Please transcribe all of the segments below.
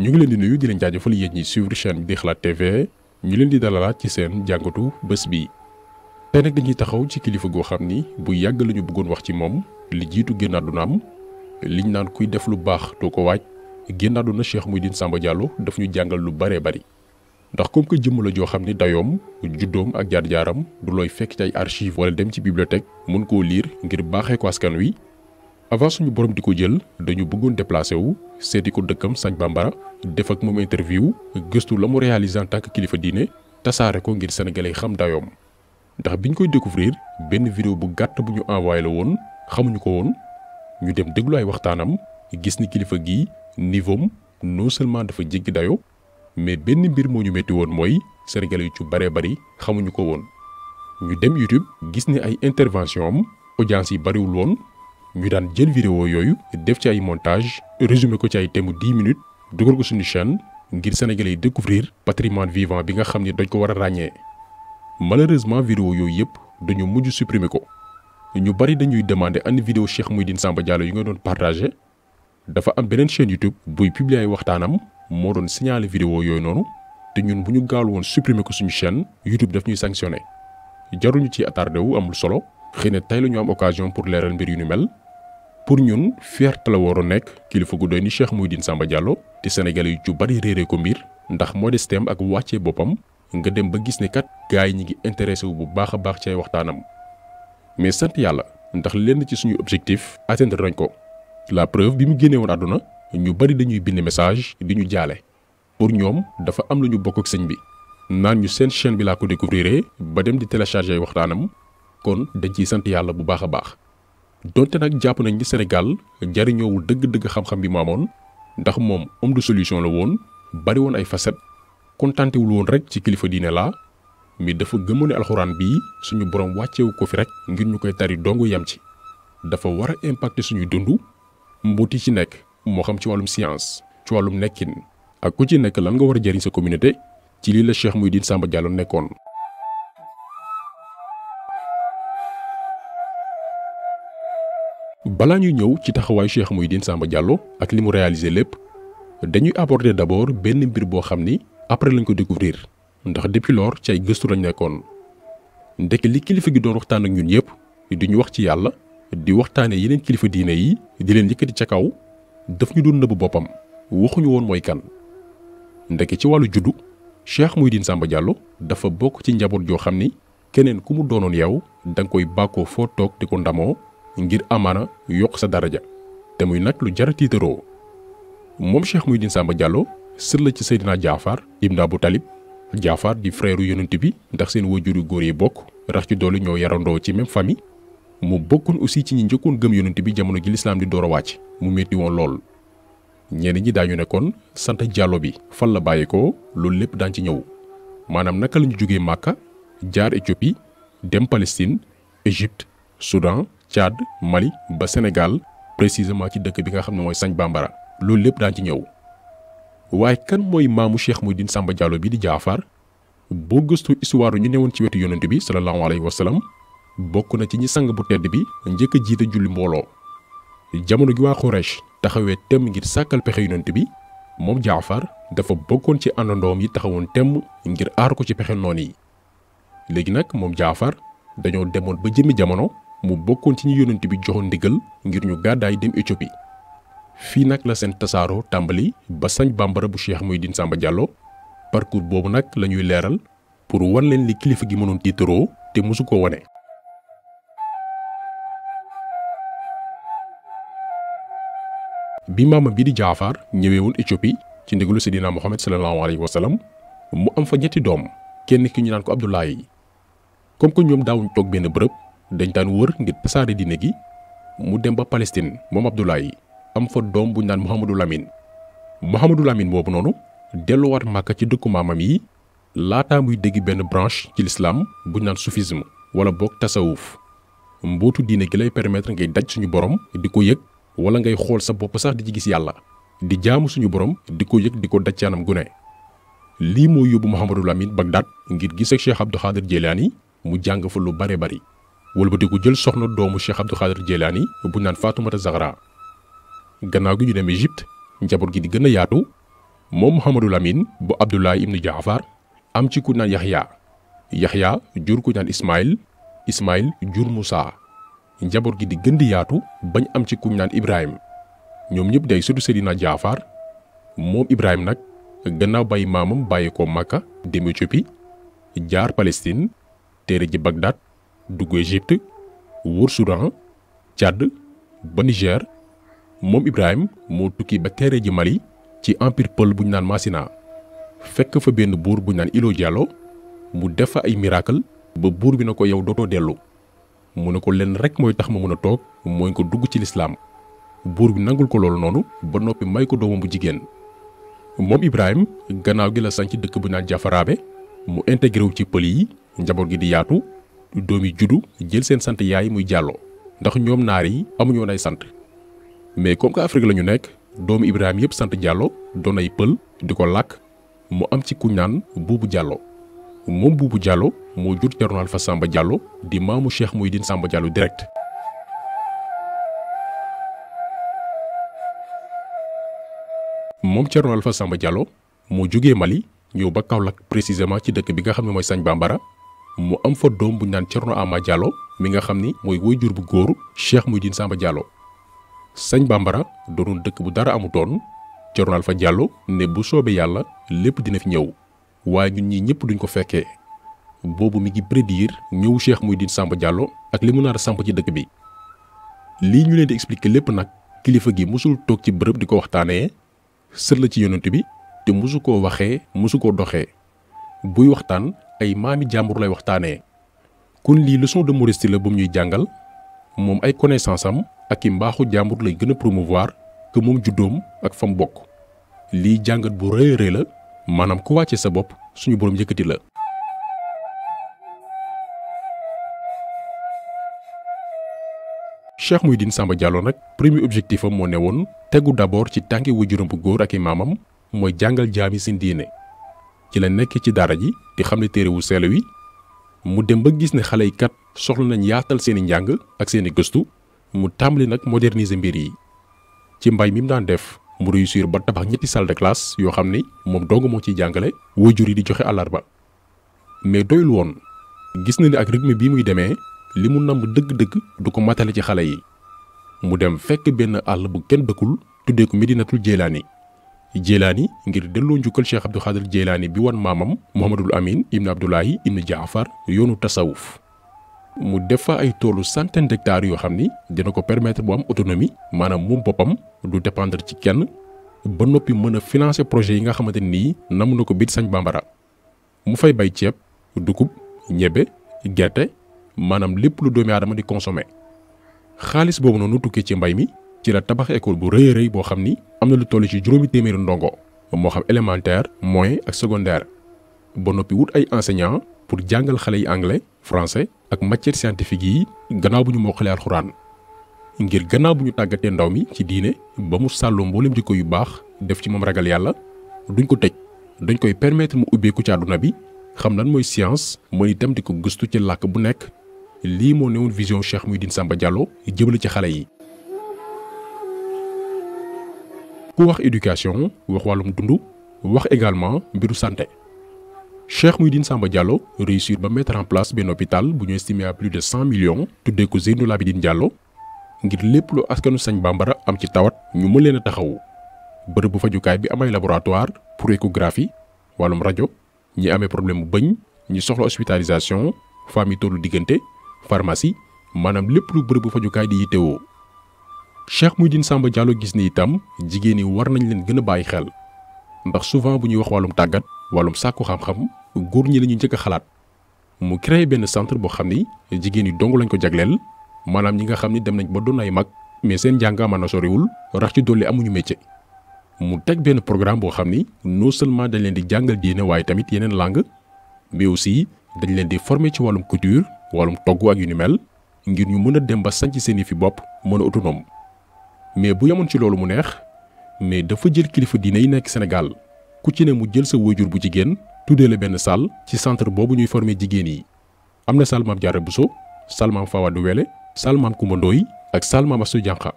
ñu ngi leen di nuyu di leen jaajëfal yéen ñi suivre chaîne bi di xalaat TV ñu leen di dalalaat ci seen jàngatu bés bi. tey nag dañuy taxaw ci kilifa goo xam ni bu yàgg la ñu bëggoon wax ci moom li jiitu génn àdduna am liñ naan kuy def lu baax doo ko waaj génn àdduna Cheikh Mouhidine Samba Diallo daf ñu jàngal lu baree bari. ndax comme que jëmm la joo xam ni dayoom juddoom ak jaar-jaaram du looy fekk ci ay archives wala dem ci bibliothèque mun koo liir ngir baaxee ko askan wi. avant suñu borom diko jël dañu bëggoon déplacé wu seeti ko sañ bambara def ak interview gëstu la mu réalisé en tant que kilifa diine tasaare ko ngir sénégalais xam dayoom ndax biñ koy découvrir benn vidéo bu gàtt bu ñu envoyé la woon xamuñu ko woon ñu dem ay gis ni kilifa niveau non seulement dafa jéggi dayo mais mbir ñu woon sénégalais yu ci bari xamuñu ko woon. ñu YouTube gis ni ay intervention audience yi ñu daan jël vidéo yooyu def ci ay montage résumé ko ci ay thèmes 10 minutes dugal ko suñu chaîne ngir sénégalais yi découvrir patrimoine vivant bi nga xam ni dañ ko war a ràññee malheureusement vidéo yooyu yépp dañu mujj supprimer ko ñu bari dañuy demander an vidéo Cheikh Mouhidine Samba Diallo yu nga doon partagé dafa am beneen chaîne YouTube buy publier ay waxtaanam moo doon signaler vidéo yooyu noonu te ñun bu ñu gaal woon supprimer ko suñu chaîne YouTube daf ñuy sanctionné jaruñu ci attardé wu amul solo xëy na tey la ñu am occasion pour leeral mbir yu ni mel pour ñun fierté la waroon nekk kilifa gu doy ni Cheikh Mouhidine Samba Diallo di sénégalais yu ci bari réeree ko mbir ndax modestem ak wàccee boppam nga dem ba gis ne kat gars yi ñi ngi intéressé wu bu baax a baax ci ay waxtaanam mais sant yàlla ndax lenn ci suñu objectif atteindre nañ ko la preuve bi mu génnee woon àdduna ñu bari dañuy bind message di ñu jaale pour ñoom dafa am lu ñu bokk ak sëñ bi naan ñu seen chaîne bi laa ko découvrir ba dem di télécharger waxtaanam kon dañ ciy sant yàlla bu baax a baax donte nag jàpp nañ ni Sénégal jariñoowul dëgg-dëgg xam-xam bi mu amoon ndax moom homme de solution la woon bari woon ay facette kontantewul woon rek ci kilifa diine laa mi dafa gëmone alxuraan bii suñu borom ko fi rek ngir ñu tari dongo yam ci dafa war a impacter suñu dund mbuti ci nekk moo xam ci wàllum science ci wàllum nekkin ak ku ci nekk lan nga war a jëriñ sa communauté ci li la cheikh samba nekkoon Bala ñu ñëw ci taxaway Cheikh muhyiddin Samba Diallo ak limu mu lepp dañuy aborder d'abord benn mbir boo xam ni après lañ ko découvrir ndax depuis lors ci ay gëstu lañ nekkoon ndek li kilifa gi doon waxtaan ak ñun yépp di ñu wax ci yàlla di waxtaane yeneen kilifa diine yi di leen yëkkati ca kaw daf ñu doon nëbb boppam waxuñu woon mooy kan ndek ci walu juddu Cheikh muhyiddin Samba Diallo dafa bokk ci njaboot joo xam ni keneen ku mu doonoon yow koy bàkkoo foo toog di ko ngir amaana yokk sa daraja te muy nag lu jara tiitaroo moom Cheikh Mouhidine Samba Diallo sët la ci Seydina Jaafar ibn bu Talib Jaafar di frère yonent bi ndax seen wajuru góor yi bokk rax ci doolu ñoo yarandoo ci même famille mu bokkoon aussi ci ñi njëkkoon gëm yonent bi jamono ji lislaam di door a wàcc mu metti woon lool ñenn ñi daañu nekkoon sant Diallo bi fan la bàyyeekoo loolu lépp daan ci ñëw maanaam naka lañu jóge jógee Màkka jaar Éthiopie dem Palestine Égypte Tchad Mali ba Sénégal précisément ci dëkk bi nga xam moy Sañ Bambara loolu lepp daan ci ñëw way kan moy maamu Cheikh Samba Diallo bi di Jaafar Bugus gëstu histoire ñu newoon ci wetu yonent bi sallallahu alayhi wasallam bokku na ci ñi sang bu tedd bi njëkk a julli mbolo jamono gi wa Quraysh taxawé temm ngir sakal pexé yonent bi mom Jaafar dafa bokkon ci àndandoom yi taxawon temm ngir ar ko ci pexé noni légui nak mom Jaafar dañoo demoon ba jëmi jamono mu bokkoon ci ñi yonent bi joxoon ndigal ngir ñu gàddaay dem Éthiopie fii nag la seen tasaaroo tàmbali ba sañ bambara bu Cheikh Mouhidine Samba Diallo parcours boobu nag lañuy leeral pour wan leen li kilifa gi mënoon tiitaroo te mosu ko wane. bi maama bi di Jaafar ñëwee woon Éthiopie ci ndigalu Seydina Mohamed sallallahu alayhi wa sallam mu am fa ñetti doom kenn ki ñu naan ko Abdoulaye comme que ñoom daawuñ toog benn bërëb. dañ daan wër ngir tasaare diine gi mu dem ba Palestine moom Abdoulaye am fa doom buñ naan Mouhamadou Lamine Mouhamadou Lamine boobu noonu delluwaat màkka ci dëkku maamam yi laataa muy dégg benn branche ci lislaam buñ naan soufisme wala boog tasawuf mbootu diine gi lay permettre ngay daj suñu borom di ko yëg wala ngay xool sa bopp sax di ci gis yàlla di jaamu suñu borom di ko yëg di ko daj ci anam gu ne lii moo yóbbu Mouhamadou Lamine Bagdad ngir gis Cheikh Abdou Khadir mu jàng fa lu bare bari wëlbatiku jël soxna doomu Cheikh Abdou Khadir Jelaani buñ naan Faatumata Zahra gannaaw gi ñu dem Égypte njaboot gi di gën a yaatu moom Mouhamadul Amin bu Abdoulaye ibnu Jaafar am ci ku naan Yaxya Yaxya jur ku naan Ismaïl Ismaïl jur Moussa njaboot gi di gën di yaatu bañ am ci kuñ naan Ibrahim ñoom ñëpp day sutu Seydina Jaafar moom Ibrahim nag gannaaw bàyyi maamam bàyyi ko Makka dem Éthiopie jaar Palestine téere ji Bagdad dugu Égypte Wur sudan Tchad ba Niger moom Ibrahim moo tukki ba teere ji Mali ci empire pël buñ Masina fekk fa benn buur buñ ñu naan Ilo Diallo mu def ay miracle ba buur bi na ko yow dootoo dellu mu ne ko rek mooy tax ma mën a toog ko dugg ci lislaam buur bi nangul ko loolu noonu ba noppi may ko doomam bu jigéen moom Ibrahim gannaaw gi la sanc dëkk bu ñu naan Jafaraabe mu intégré wu ci pël yi njaboot gi di yaatu doom yi juddu jël seen sant yaay muy jàlloo ndax ñoom naar yi amuñu woon ay sant mais comme que Afrique la ñu nekk doomu Ibrahima yëpp sant jàlloo doon ay pël di ko làkk mu am ci kuñ naan buubu jàlloo moom buubu jàlloo moo jur Thierno fa Samba Diallo di maamu Cheikh Mouhidine Samba Diallo direct. moom Thierno Alpha Samba Diallo moo jógee Mali ñëw ba kaw Kaolack précisément ci dëkk bi nga xam ne mooy Sañ Bambara. mu am fa doom bu ñu naan Thierno Ama Diallo mi nga xam ni mooy jur bu góor góoru Cheikh Mouhidine Samba Diallo Sañ Bambara doonul dëkk bu dara amutoon Thierno fa Diallo ne bu soobee yàlla lépp dina fi ñëw waaye ñun ñii ñëpp duñ ko fekkee boobu mu ngi prédire ñëw Cheikh Mouhidine Samba Diallo ak li mu nar a ci dëkk bi. lii ñu leen di expliquer lépp nag kilifa gi mosul toog ci bërëb di ko waxtaanee sët la ci yonent bi te mosu koo waxee mosu koo doxee buy ay mami jambour lay waxtane kun li leçon de modestie la bu ñuy jangal mom ay connaissance am ak i jambour lay gëna promouvoir ke mom juddom ak fam bok li jàngat bu reey reey la manam ku wacce sa bop suñu borom yëkkati la Cheikh Muhyiddin Samba Diallo nak premier objectif am mo tegu d'abord ci tanki wujurum bu góor ak imamam moy jangal jami sin diine ci la nekk ci dara ji di xam ne téere wu seel wi mu dem ba gis ne xale yi kat soxla nañ yaatal seeni njàng ak seeni gëstu mu tàmbali nag moderniser mbir yi ci mbay mi def mu réussir ba tabax ñetti salle de classe yoo xam ni moom dong moo jàngale di joxe alarba. mais doyul woon gis na ni ak rythme bi muy demee li mu namb dëgg-dëgg du ko matale ci xale yi mu dem fekk benn àll bu kenn dëkkul tuddee ko medinatul Jeylaani ngir delloo njukkal Cheikh Abdou Khadir Jeylaani bi wan maamam Mouhamadul Amin ibn Abdoulahi ibn Jaafar yoonu tasawuf mu def fa ay toolu centaine d'hectares yoo xam ni dina ko permettre bu am autonomie maanaam moom boppam du dépendre ci kenn ba noppi mën a financer projet yi nga xamante nii namu na ko biir sañ bambara mu fay bay ceeb dugub ñebe gerte maanaam lépp lu doomi aadama di consommer xaalis boobu noonu tukkee ci mbay mi ci la tabax école bu rëy rëy boo xam ni am na lu toll ci juróomi téeméeri ndongo moo xam élémentaire moyen ak secondaire ba noppi wut ay enseignants pour jàngal xale yi anglais français ak matière scientifique yi gannaaw bu ñu mokkale alxuraan ngir gannaaw bu ñu tàggatee ndaw mi ci diine ba mu sàlloo mboolem jikko yu baax def ci moom ragal yàlla duñ ko tëj dañ koy permettre mu ubbeeku ci àdduna bi xam lan mooy science mooy itam di ko gëstu ci làkk bu nekk lii moo newoon vision Cheikh Mouhidine Samba Diallo jëmale ci xale yi. ku éducation wax wàllum dund wax également mbiru santé Cheikh Mouhidine Samba Diallo réussir ba mettre en place ben hôpital bu ñu estimé à plus de 100 millions tuddee ko Zeynoul labidine Diallo ngir lepp lu askanu Sañ Bambara am ci tawat ñu mën leen a taxawu bërëb bu fajukaay bi amay laboratoire pour échographie walum radio ñi amé problème bu bëñ ñi soxla hospitalisation famille tolu digënté pharmacie manam lepp lu bërëb bu fajukaay di yittewoo Cheikh Mouhidine Samba Diallo gis ni itam jigéen ñi war nañ leen gëna bayyi xel ndax souvent bu ñuy wax walum tàggat walum sàkku xam-xam góor ñi lañu ñu njëkk xalaat mu créé benn centre boo xam ni jigéen yi dong lañ ko jagleel maanaam ñi nga xam ni dem nañ ba doon ay mag mais seen njàng amaana soriwul rax ci dolli amuñu métier mu teg benn programme boo xam non seulement dañ leen di jàngal diine waaye tamit yeneen langue mais aussi dañ leen di former ci walum couture walum togg ak yu ni mel ngir ñu mën dem ba seen fi bopp mën autonome mais bu ci loolu mu neex mais dafa jël kilifa diine yi Sénégal ku ci ne mu jël sa wajur bu jigéen tuddee la ci centre boobu ñuy former jigéen yi am Buso Fawadu Wele ak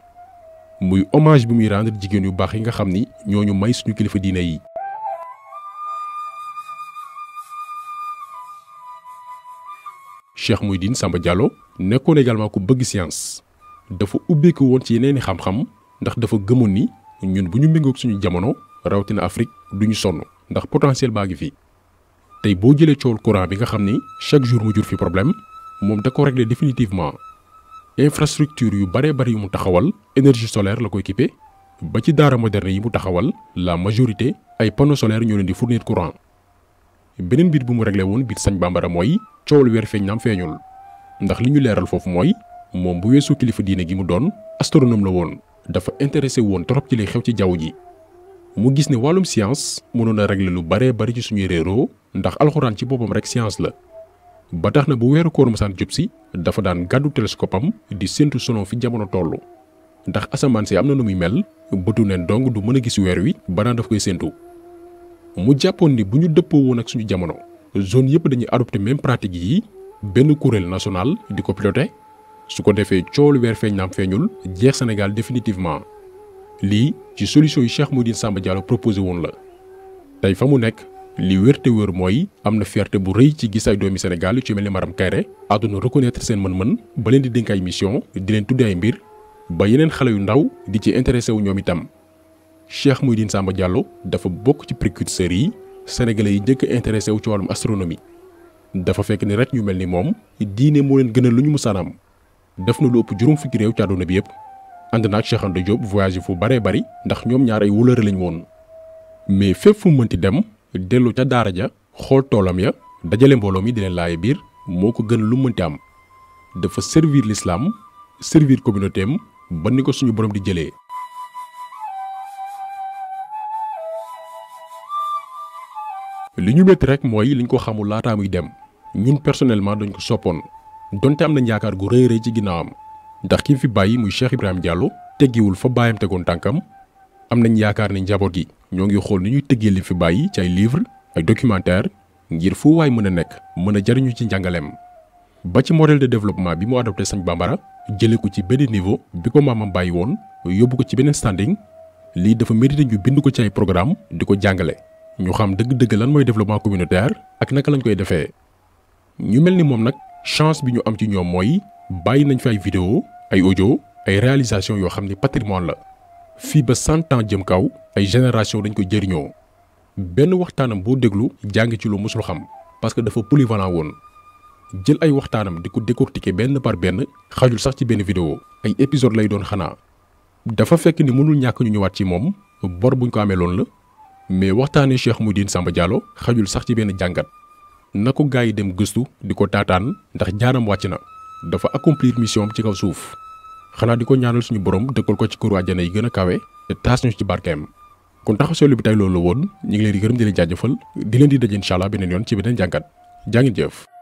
muy hommage muy rendre yu yi nga Cheikh Samba Diallo également ku science dafa ubbeeku woon ci yeneen xam-xam ndax dafa gëmoon ni ñun bu ñu méngoog suñu jamono rawatina Afrique duñu sonn ndax potentiel baa ngi fi. tey boo jëlee coowul courant bi nga xam ni chaque jour mu jur fi problème moom da ko régler définitivement infrastructure yu baree bari yu mu taxawal énergie solaire la ko équipé ba ci daara moderne yi mu taxawal la majorité ay panneaux solaire ñoo leen di fournir courant. beneen mbir bu mu régler woon biir sañ bambara mooy coowul weer feeñ naam feeñul ndax li ñu leeral foofu mooy mom bu weesoo kilifa diine gi mu don astronome la won dafa intéressé won trop ci li xew ci jaww ji mu gis ne walum science mënu na régler lu bare bare ci suñu réeroo ndax alcorane ci bopam rek science la ba tax na bu wéru koor jupsi dafa daan gadu teleskopam am di sentu selon fi jamono tollu ndax asaman si amna na nu muy mel bëtu ne dong du mëna gis weer wi ba na daf koy sentu mu jàppoon ni buñu depp won ak suñu jamono zone yépp dañuy adopter même pratique yi ben courel national di piloter su ko defee coolu weer feeñ naam feeñul jeex Sénégal définitivement lii ci solution yi Cheikh Modine Samba Diallo proposé woon la tey fa mu nekk li wér te wér mooy am na fierté bu rëy ci gis doomi Sénégal ci mel ni Maram Kairé àdduna reconnaître seen mën-mën ba leen di dénk ay mission di leen tuddee ay mbir ba yeneen xale yu ndaw di ci intéressé wu ñoom itam Cheikh Modine Samba Diallo dafa bokk ci précurseurs yi sénégalais yi njëkk intéressé wu ci wàllum astronomie dafa fekk ni rek ñu mel ni moom diine moo leen gënal lu ñu musaanaam def na lu ëpp juróom fukki réew ci àdduna bi yëpp ànd naag Cheikh Anta Diop voyage bu baree bari ndax ñoom ñaar ay wulëre lañ woon mais fépp fu mu mënti dem dellu ca daara ja xool toolam ya dajale mbooloo mi di laay biir moo ko gën lu mënti am dafa servir lislaam servir communauté am ba ni ko suñu borom di jëlee. li ñu métti rek mooy liñ ko xamul laata muy dem ñun personnellement dañ soppoon. donte am nañ yaakaar gu rëy rëy ci ginnaawam ndax ki fi bàyyi muy Cheikh Ibrahima Diallo teggewul fa bàyyam tegoon tànkam am nañ yaakaar ne njaboot gi ñoo ngi xool ni ñuy tëggee li fi bàyyi ci ay livre ay documentaire ngir fu waay mën a nekk mën a jariñu ci njàngaleem ba ci modèle de développement bi mu adopté Sëñ Bambara jëlee ko ci benn niveau bi ko maamam bàyyi woon yóbbu ko ci beneen standing lii dafa mérité ñu bind ko ci ay programme di ko jàngale ñu xam dëgg-dëgg lan mooy développement communautaire ak naka lañ koy defee ñu mel ni moom nag chance bi ñu am ci ñoom mooy bàyyi nañ fi ay vidéo ay audio ay réalisation yoo xam ne patrimoine la fii ba cent ans jëm kaw ay génération dañ ko jëriñoo benn waxtaanam boo déglu jàng ci lu musul xam parce que dafa polyvalent woon jël ay waxtaanam di ko décortiquer benn par benn xajul sax ci benn vidéo ay épisode lay doon xanaa dafa fekk ni mënul ñàkk ñu ñëwaat ci moom bor buñ ko amee loon la mais waxtaanee Cheikh Mouhidine Samba Diallo xajul sax ci benn jàngat na ko gaa yi dem gëstu di ko taataan ndax jaanam wàcc na dafa accomplir mission ci kaw suuf xanaa di ko ñaanal suñu borom dëkkal ko ci këru àjjana yi gën a kawe te taas ñu ci barkeem kon taxaw seetlu bi tey loolu woon ñu ngi leen di gërëm di leen jaajëfal di leen di daje incha allah beneen yoon ci beneen jàngat jaa ngeen jëf.